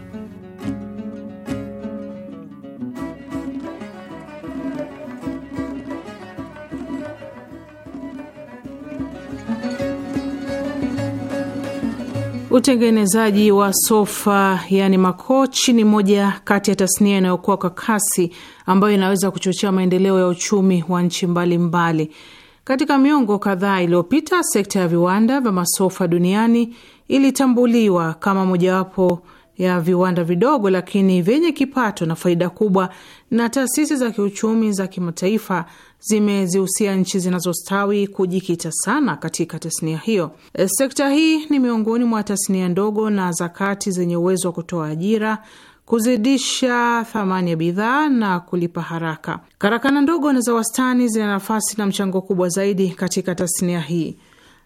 Utengenezaji wa sofa yani makochi ni moja kati ya tasnia inayokuwa kwa kasi ambayo inaweza kuchochea maendeleo ya uchumi wa nchi mbalimbali mbali. Katika miongo kadhaa iliyopita sekta ya viwanda vya masofa duniani ilitambuliwa kama mojawapo ya viwanda vidogo lakini vyenye kipato na faida kubwa, na taasisi za kiuchumi za kimataifa zimezihusia nchi zinazostawi kujikita sana katika tasnia hiyo. E, sekta hii ni miongoni mwa tasnia ndogo na za kati zenye uwezo wa kutoa ajira kuzidisha thamani ya bidhaa na kulipa haraka. Karakana ndogo na za wastani zina nafasi na mchango kubwa zaidi katika tasnia hii.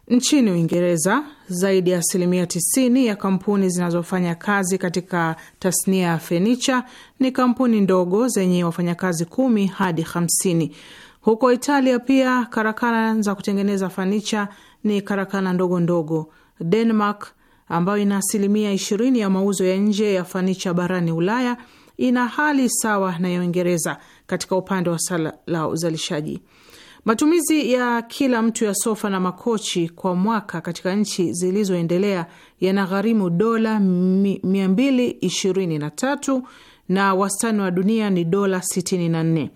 Nchini Uingereza, zaidi ya asilimia 90 ya kampuni zinazofanya kazi katika tasnia ya fenicha ni kampuni ndogo zenye wafanyakazi kumi hadi 50. Huko Italia pia karakana za kutengeneza fanicha ni karakana ndogo ndogo. Denmark ambayo ina asilimia 20 ya mauzo ya nje ya fanicha barani Ulaya ina hali sawa na ya Uingereza katika upande wa sala la uzalishaji. Matumizi ya kila mtu ya sofa na makochi kwa mwaka katika nchi zilizoendelea yanagharimu dola 223 na wastani wa dunia ni dola 64.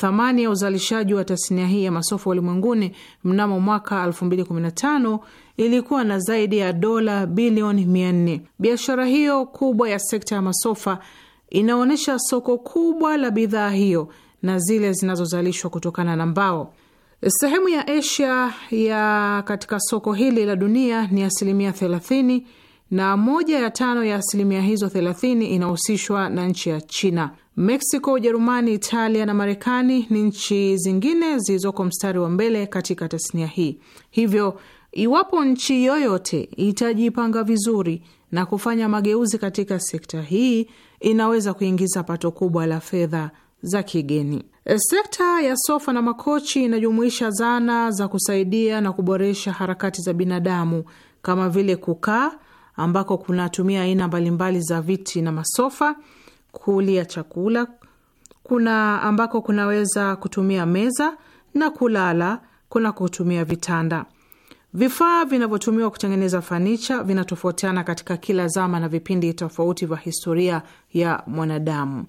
Thamani ya uzalishaji wa tasnia hii ya masofa ulimwenguni mnamo mwaka 2015 ilikuwa na zaidi ya dola bilioni 400. Biashara hiyo kubwa ya sekta ya masofa inaonyesha soko kubwa la bidhaa hiyo na zile zinazozalishwa kutokana na mbao. Sehemu ya Asia ya katika soko hili la dunia ni asilimia thelathini na moja ya tano ya asilimia hizo thelathini inahusishwa na nchi ya China. Mexico, Ujerumani, Italia na Marekani ni nchi zingine zilizoko mstari wa mbele katika tasnia hii. Hivyo, iwapo nchi yoyote itajipanga vizuri na kufanya mageuzi katika sekta hii, inaweza kuingiza pato kubwa la fedha za kigeni. E, sekta ya sofa na makochi inajumuisha zana za kusaidia na kuboresha harakati za binadamu kama vile kukaa, ambako kunatumia aina mbalimbali za viti na masofa, kulia chakula, kuna ambako kunaweza kutumia meza na kulala kuna kutumia vitanda. Vifaa vinavyotumiwa kutengeneza fanicha vinatofautiana katika kila zama na vipindi tofauti vya historia ya mwanadamu.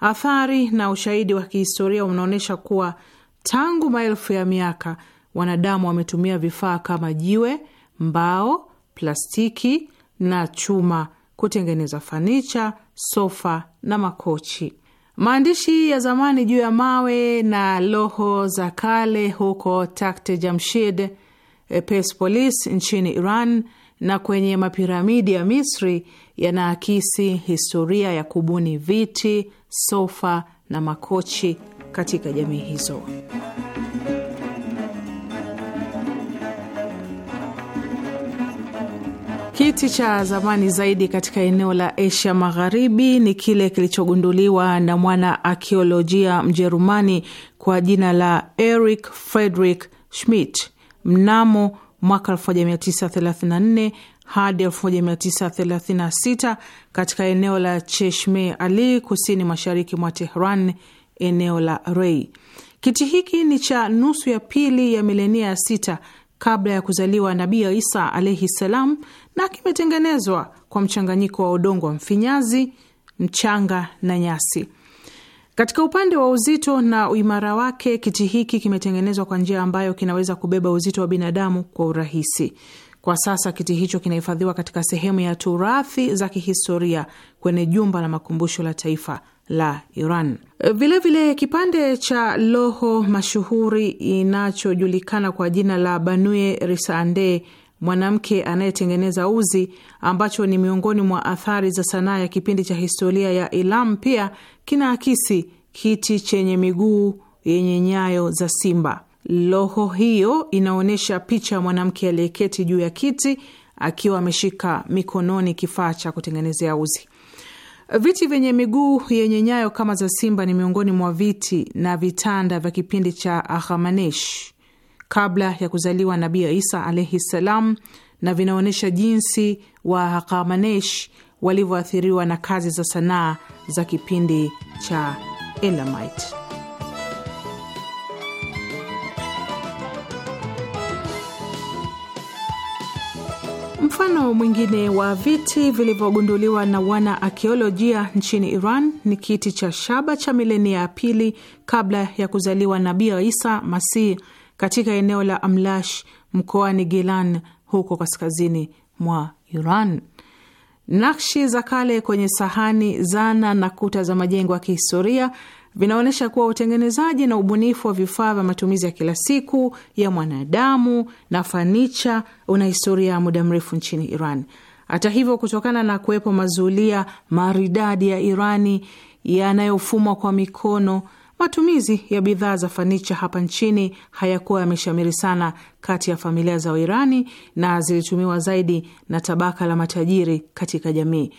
Athari na ushahidi wa kihistoria unaonyesha kuwa tangu maelfu ya miaka wanadamu wametumia vifaa kama jiwe, mbao, plastiki na chuma kutengeneza fanicha, sofa na makochi. Maandishi ya zamani juu ya mawe na loho za kale huko Takte Jamshid, Persepolis nchini Iran na kwenye mapiramidi ya Misri yanaakisi historia ya kubuni viti, sofa na makochi katika jamii hizo. Kiti cha zamani zaidi katika eneo la Asia Magharibi ni kile kilichogunduliwa na mwana akiolojia Mjerumani kwa jina la eric Friedrich Schmidt mnamo mwaka 1934 hadi 1936 katika eneo la Cheshme Ali kusini mashariki mwa Tehran, eneo la Rei. Kiti hiki ni cha nusu ya pili ya milenia ya sita kabla ya kuzaliwa Nabii Isa alaihi salam, na kimetengenezwa kwa mchanganyiko wa udongo wa mfinyazi, mchanga na nyasi. Katika upande wa uzito na uimara wake, kiti hiki kimetengenezwa kwa njia ambayo kinaweza kubeba uzito wa binadamu kwa urahisi. Kwa sasa kiti hicho kinahifadhiwa katika sehemu ya turathi za kihistoria kwenye jumba la makumbusho la taifa la Iran. Vilevile vile, kipande cha loho mashuhuri inachojulikana kwa jina la Banue Risande, mwanamke anayetengeneza uzi, ambacho ni miongoni mwa athari za sanaa ya kipindi cha historia ya Ilam, pia kinaakisi kiti chenye miguu yenye nyayo za simba. Loho hiyo inaonyesha picha ya mwanamke aliyeketi juu ya kiti akiwa ameshika mikononi kifaa cha kutengenezea uzi. Viti vyenye miguu yenye nyayo kama za simba ni miongoni mwa viti na vitanda vya kipindi cha Aghamanesh kabla ya kuzaliwa Nabii Isa alaihi ssalam, na vinaonyesha jinsi wa Aghamanesh walivyoathiriwa na kazi za sanaa za kipindi cha Elamite. Mfano mwingine wa viti vilivyogunduliwa na wana akiolojia nchini Iran ni kiti cha shaba cha milenia ya pili kabla ya kuzaliwa Nabii Isa Masih katika eneo la Amlash mkoani Gilan huko kaskazini mwa Iran. Nakshi za kale kwenye sahani, zana na kuta za majengo ya kihistoria vinaonyesha kuwa utengenezaji na ubunifu wa vifaa vya matumizi ya kila siku ya mwanadamu na fanicha una historia ya muda mrefu nchini Iran. Hata hivyo, kutokana na kuwepo mazulia maridadi ya Irani yanayofumwa kwa mikono, matumizi ya bidhaa za fanicha hapa nchini hayakuwa yameshamiri sana kati ya familia za Wairani na zilitumiwa zaidi na tabaka la matajiri katika jamii.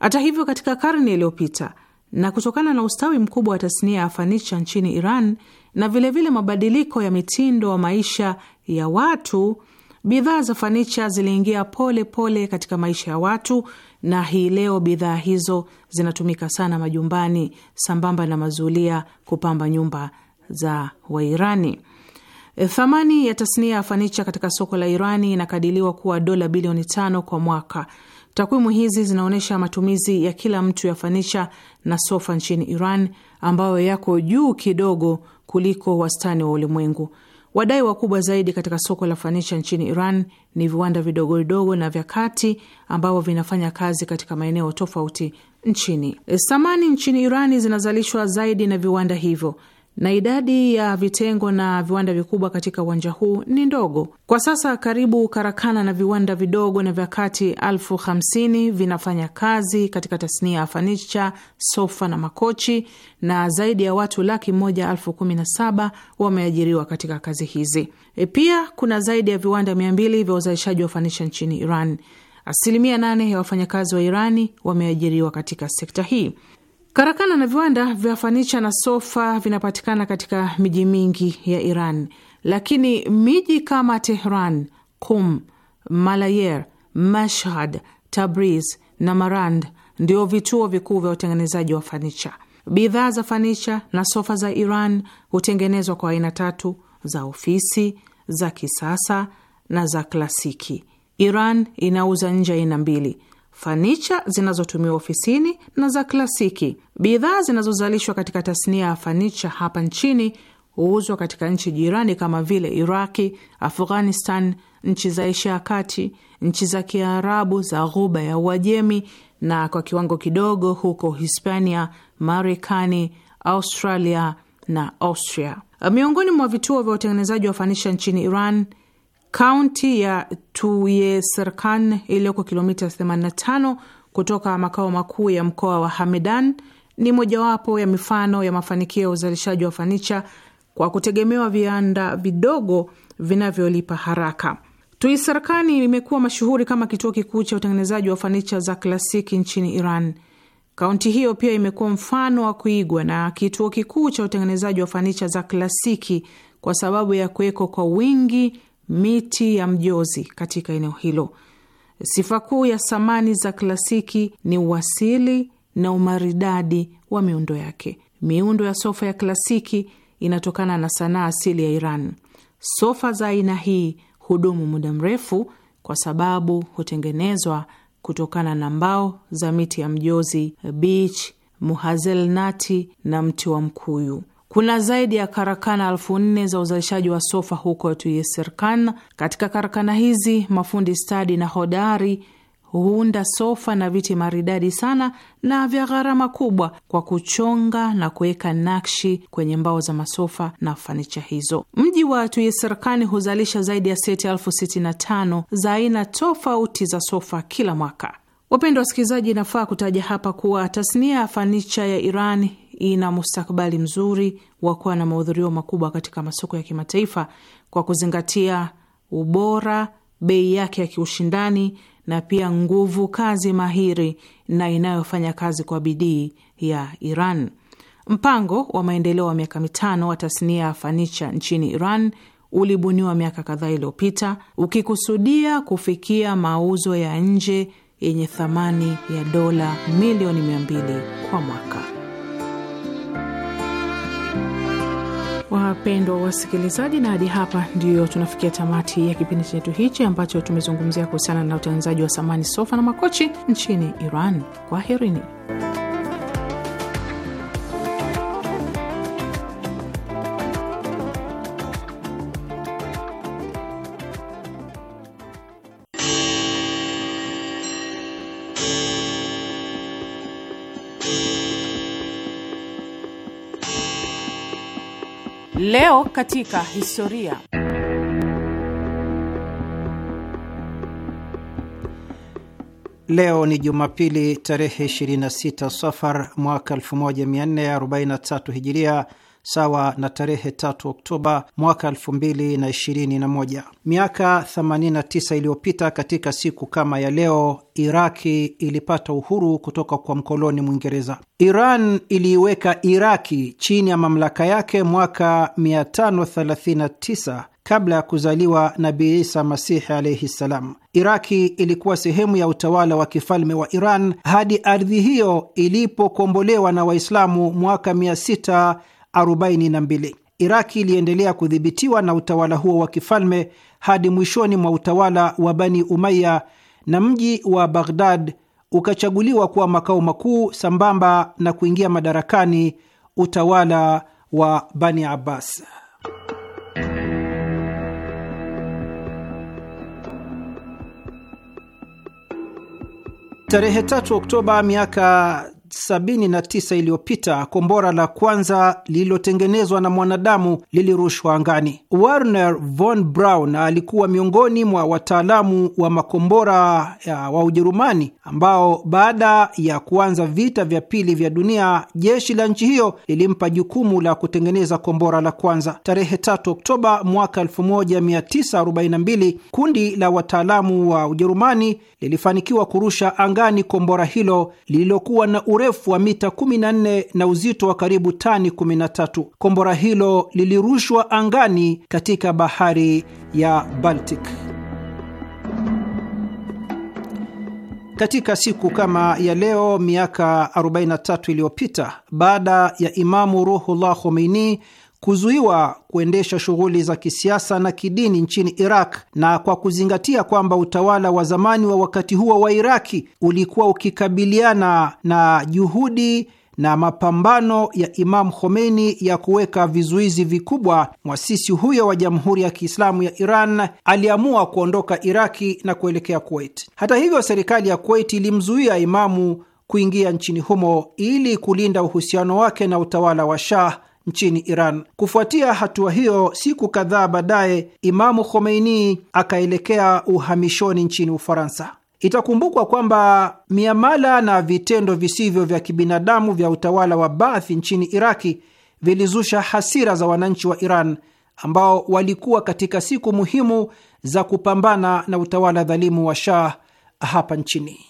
Hata hivyo, katika karne iliyopita na kutokana na ustawi mkubwa wa tasnia ya fanicha nchini Iran na vilevile vile mabadiliko ya mitindo wa maisha ya watu, bidhaa za fanicha ziliingia pole pole katika maisha ya watu, na hii leo bidhaa hizo zinatumika sana majumbani sambamba na mazulia kupamba nyumba za Wairani. Thamani ya tasnia ya fanicha katika soko la Irani inakadiriwa kuwa dola bilioni tano kwa mwaka. Takwimu hizi zinaonyesha matumizi ya kila mtu ya fanicha na sofa nchini Iran ambayo yako juu kidogo kuliko wastani wa ulimwengu. Wadai wakubwa zaidi katika soko la fanicha nchini Iran ni viwanda vidogo vidogo na vya kati ambavyo vinafanya kazi katika maeneo tofauti nchini. Eh, samani nchini Iran zinazalishwa zaidi na viwanda hivyo na idadi ya vitengo na viwanda vikubwa katika uwanja huu ni ndogo kwa sasa. Karibu karakana na viwanda vidogo na vya kati elfu hamsini vinafanya kazi katika tasnia ya fanicha, sofa na makochi, na zaidi ya watu laki moja elfu kumi na saba wameajiriwa katika kazi hizi. E, pia kuna zaidi ya viwanda mia mbili vya uzalishaji wa fanicha nchini Iran. Asilimia nane ya wafanyakazi wa Irani wameajiriwa katika sekta hii. Karakana na viwanda vya fanicha na sofa vinapatikana katika miji mingi ya Iran, lakini miji kama Tehran, Kum, Malayer, Mashhad, Tabriz na Marand ndio vituo vikuu vya utengenezaji wa fanicha. Bidhaa za fanicha na sofa za Iran hutengenezwa kwa aina tatu za ofisi, za kisasa na za klasiki. Iran inauza nje aina mbili fanicha zinazotumiwa ofisini na za klasiki. Bidhaa zinazozalishwa katika tasnia ya fanicha hapa nchini huuzwa katika nchi jirani kama vile Iraki, Afghanistan, nchi za Asia ya Kati, nchi za Kiarabu za Ghuba ya Uajemi na kwa kiwango kidogo huko Hispania, Marekani, Australia na Austria. Miongoni mwa vituo vya utengenezaji wa fanicha nchini Iran Kaunti ya Tuyeserkan iliyoko kilomita 85 kutoka makao makuu ya mkoa wa Hamedan ni mojawapo ya mifano ya mafanikio ya uzalishaji wa fanicha kwa kutegemewa viwanda vidogo vinavyolipa haraka. Tuisarkani imekuwa mashuhuri kama kituo kikuu cha utengenezaji wa fanicha za klasiki nchini Iran. Kaunti hiyo pia imekuwa mfano wa kuigwa na kituo kikuu cha utengenezaji wa fanicha za klasiki kwa sababu ya kuweko kwa wingi miti ya mjozi katika eneo hilo. Sifa kuu ya samani za klasiki ni uwasili na umaridadi wa miundo yake. Miundo ya sofa ya klasiki inatokana na sanaa asili ya Iran. Sofa za aina hii hudumu muda mrefu kwa sababu hutengenezwa kutokana na mbao za miti ya mjozi, beech, muhazelnati na mti wa mkuyu. Kuna zaidi ya karakana elfu nne za uzalishaji wa sofa huko Tuyeserkan. Katika karakana hizi mafundi stadi na hodari huunda sofa na viti maridadi sana na vya gharama kubwa kwa kuchonga na kuweka nakshi kwenye mbao za masofa na fanicha hizo. Mji wa Tuyesirkani huzalisha zaidi ya seti elfu sitini na tano za aina tofauti za sofa kila mwaka. Wapendwa wasikilizaji, inafaa kutaja hapa kuwa tasnia ya fanicha ya Iran ina mustakabali mzuri wa kuwa na mahudhurio makubwa katika masoko ya kimataifa kwa kuzingatia ubora, bei yake ya kiushindani na pia nguvu kazi mahiri na inayofanya kazi kwa bidii ya Iran. Mpango wa maendeleo wa miaka mitano wa tasnia ya fanicha nchini Iran ulibuniwa miaka kadhaa iliyopita ukikusudia kufikia mauzo ya nje yenye thamani ya dola milioni 200 kwa mwaka. Wapendwa wasikilizaji, na hadi hapa ndio tunafikia tamati ya kipindi chetu hichi ambacho tumezungumzia kuhusiana na utengenezaji wa samani, sofa na makochi nchini Iran. Kwaherini. Leo katika historia. Leo ni Jumapili tarehe 26 Safar mwaka 1443 Hijiria sawa na tarehe 3 Oktoba mwaka 2021. Miaka 89 iliyopita katika siku kama ya leo, Iraki ilipata uhuru kutoka kwa mkoloni Mwingereza. Iran iliiweka Iraki chini ya mamlaka yake mwaka 539 kabla ya kuzaliwa Nabii Isa Masihi alaihi ssalam. Iraki ilikuwa sehemu ya utawala wa kifalme wa Iran hadi ardhi hiyo ilipokombolewa na Waislamu mwaka 600 42. Iraki iliendelea kudhibitiwa na utawala huo wa kifalme hadi mwishoni mwa utawala wa Bani Umaya na mji wa Baghdad ukachaguliwa kuwa makao makuu sambamba na kuingia madarakani utawala wa Bani Abbas. Tarehe 3 Oktoba miaka 79 iliyopita kombora la kwanza lililotengenezwa na mwanadamu lilirushwa angani. Werner von Braun alikuwa miongoni mwa wataalamu wa makombora wa Ujerumani ambao baada ya kuanza vita vya pili vya dunia jeshi la nchi hiyo lilimpa jukumu la kutengeneza kombora la kwanza. Tarehe 3 Oktoba mwaka 1942 kundi la wataalamu wa Ujerumani lilifanikiwa kurusha angani kombora hilo lililokuwa na ure urefu wa mita 14 na uzito wa karibu tani 13. Kombora hilo lilirushwa angani katika bahari ya Baltic. Katika siku kama ya leo miaka 43 iliyopita, baada ya Imamu Ruhullah Khomeini kuzuiwa kuendesha shughuli za kisiasa na kidini nchini Iraq, na kwa kuzingatia kwamba utawala wa zamani wa wakati huo wa Iraki ulikuwa ukikabiliana na juhudi na mapambano ya Imam Khomeini ya kuweka vizuizi vikubwa, mwasisi huyo wa Jamhuri ya Kiislamu ya Iran aliamua kuondoka Iraki na kuelekea Kuwait. Hata hivyo, serikali ya Kuwait ilimzuia Imamu kuingia nchini humo ili kulinda uhusiano wake na utawala wa Shah nchini Iran. Kufuatia hatua hiyo, siku kadhaa baadaye, Imamu Khomeini akaelekea uhamishoni nchini Ufaransa. Itakumbukwa kwamba miamala na vitendo visivyo vya kibinadamu vya utawala wa Baathi nchini Iraki vilizusha hasira za wananchi wa Iran ambao walikuwa katika siku muhimu za kupambana na utawala dhalimu wa Shah hapa nchini.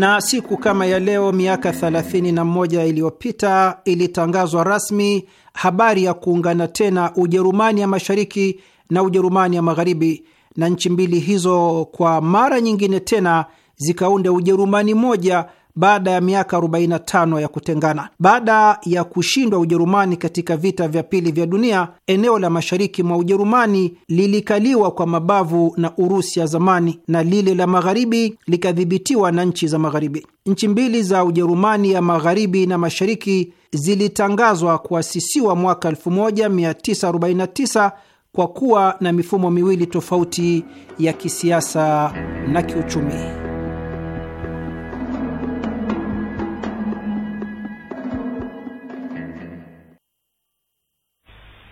na siku kama ya leo miaka 31 iliyopita ilitangazwa rasmi habari ya kuungana tena Ujerumani ya mashariki na Ujerumani ya magharibi, na nchi mbili hizo kwa mara nyingine tena zikaunda Ujerumani moja baada ya miaka 45 ya kutengana. Baada ya kushindwa Ujerumani katika vita vya pili vya dunia, eneo la mashariki mwa Ujerumani lilikaliwa kwa mabavu na Urusi ya zamani na lile la magharibi likadhibitiwa na nchi za magharibi. Nchi mbili za Ujerumani ya magharibi na mashariki zilitangazwa kuasisiwa mwaka 1949 kwa kuwa na mifumo miwili tofauti ya kisiasa na kiuchumi.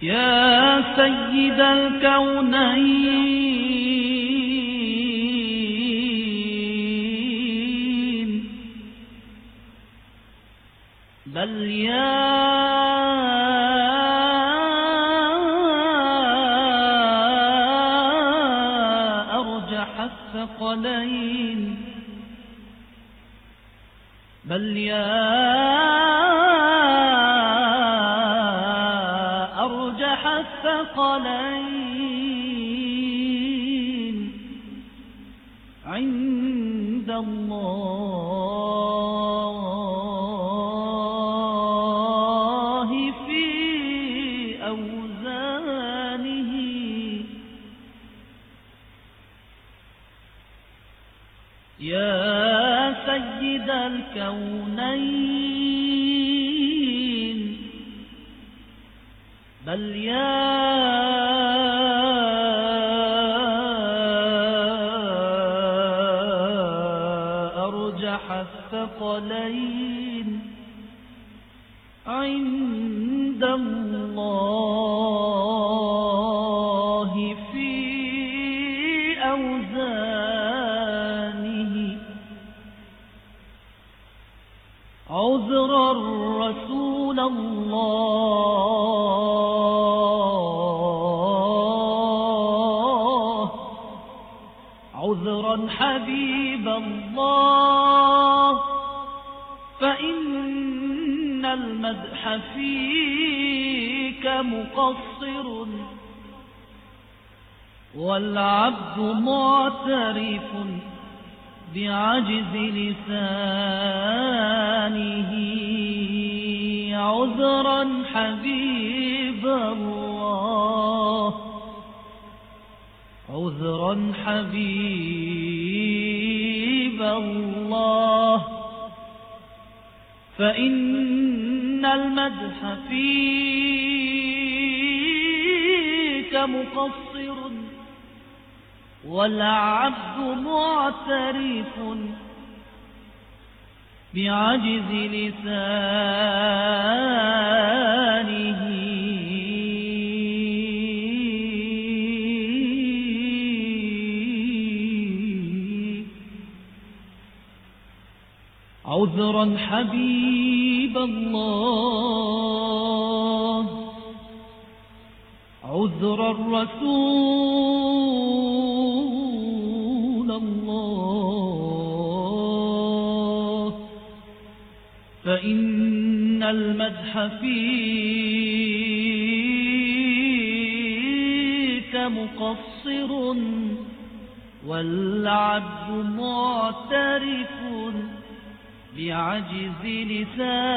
يا سيد الكونين بل يا أرجح الثقلين بل يا عند الله في أوزانه عذر الرسول الله فيك مقصر والعبد معترف بعجز لسانه عذرا حبيب الله عذرا حبيب الله فإن إن المدح فيك مقصر والعبد معترف بعجز لسانه عذرا حبيبا حسب الله عذر الرسول الله فإن المدح فيك مقصر والعبد معترف بعجز لسان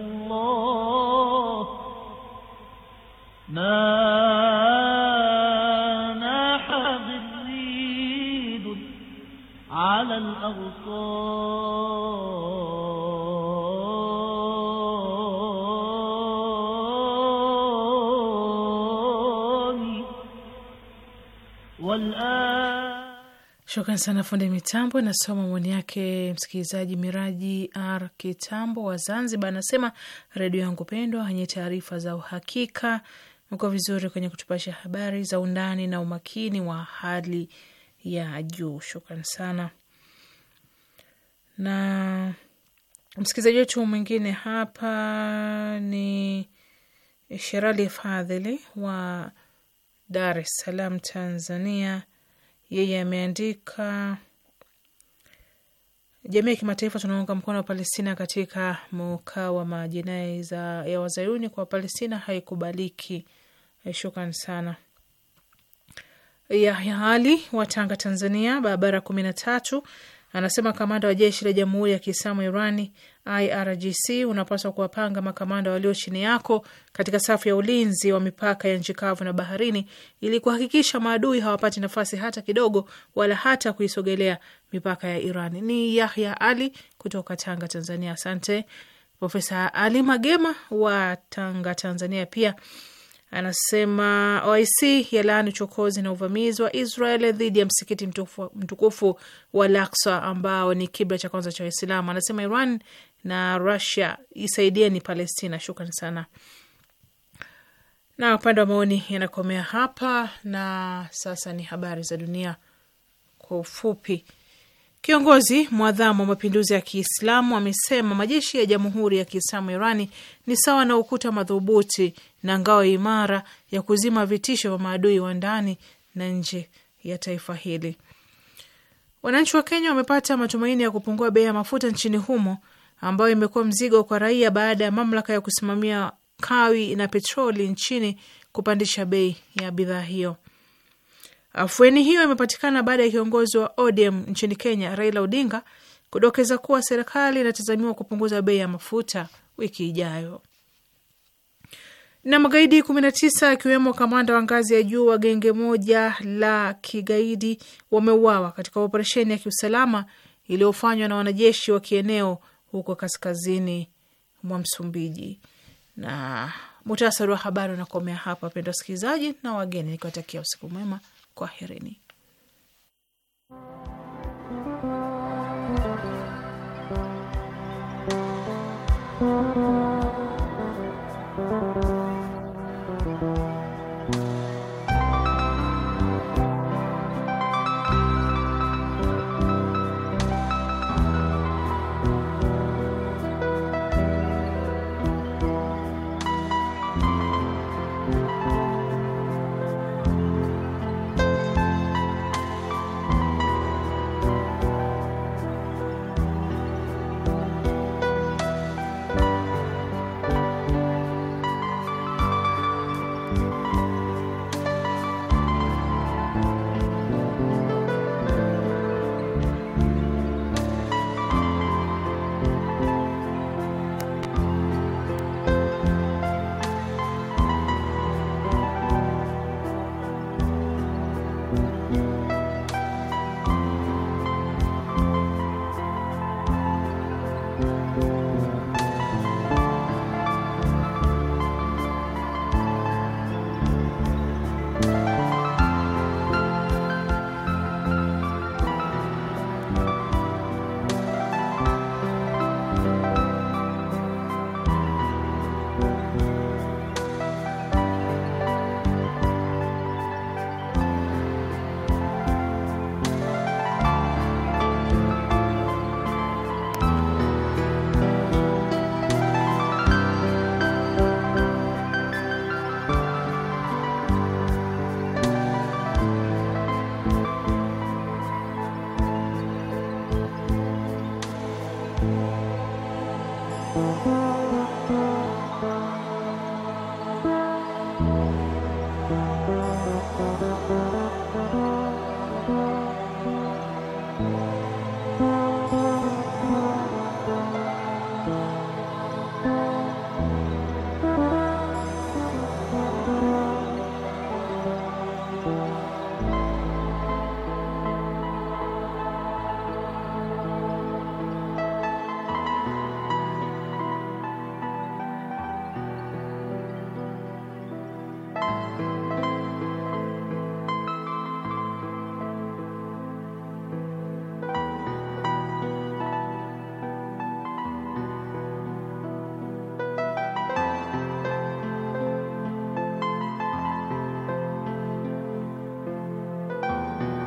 الله ما أنا حافظ على الأغصار Shukran sana fundi mitambo. Nasoma maoni yake msikilizaji Miraji R Kitambo wa Zanzibar, anasema redio yangu pendwa yenye taarifa za uhakika, mko vizuri kwenye kutupasha habari za undani na umakini wa hali ya juu. Shukran sana. Na msikilizaji wetu mwingine hapa ni Sherali Fadhili wa Dar es Salaam, Tanzania yeye ameandika jamii ya kimataifa tunaunga mkono wa Palestina katika mukawama, jinai za ya wazayuni kwa Palestina haikubaliki. Eh, shukran sana. Yahya Ali wa Tanga, Tanzania, barabara kumi na tatu Anasema kamanda wa jeshi la jamhuri ya kiislamu Irani, IRGC, unapaswa kuwapanga makamanda walio chini yako katika safu ya ulinzi wa mipaka ya nchi kavu na baharini, ili kuhakikisha maadui hawapati nafasi hata kidogo, wala hata kuisogelea mipaka ya Iran. Ni Yahya Ali kutoka Tanga, Tanzania. Asante Profesa Ali Magema wa Tanga, Tanzania pia anasema OIC laani uchokozi na uvamizi wa Israel dhidi ya msikiti mtukufu, mtukufu wa laksa ambao ni kibla cha kwanza cha Waislamu. Anasema Iran na Rusia isaidieni Palestina. Shukran sana. Na upande wa maoni yanakomea hapa, na sasa ni habari za dunia kwa ufupi. Kiongozi mwadhamu wa mapinduzi ya Kiislamu amesema majeshi ya jamhuri ya Kiislamu Irani ni sawa na ukuta madhubuti na ngao imara ya kuzima vitisho vya maadui wa ndani na nje ya taifa hili. Wananchi wa Kenya wamepata matumaini ya kupungua bei ya mafuta nchini humo ambayo imekuwa mzigo kwa raia baada ya mamlaka ya kusimamia kawi na petroli nchini kupandisha bei ya bidhaa hiyo. Afueni hiyo imepatikana baada ya kiongozi wa ODM nchini Kenya, Raila Odinga, kudokeza kuwa serikali inatazamiwa kupunguza bei ya mafuta wiki ijayo. Na magaidi 19 akiwemo kamanda wa ngazi ya juu wa genge moja la kigaidi wameuawa katika operesheni ya kiusalama iliyofanywa na wanajeshi wa kieneo huko kaskazini mwa Msumbiji. Na muhtasari wa habari unakomea hapa, wapendwa wasikilizaji na wageni, nikiwatakia usiku mwema Kwaherini.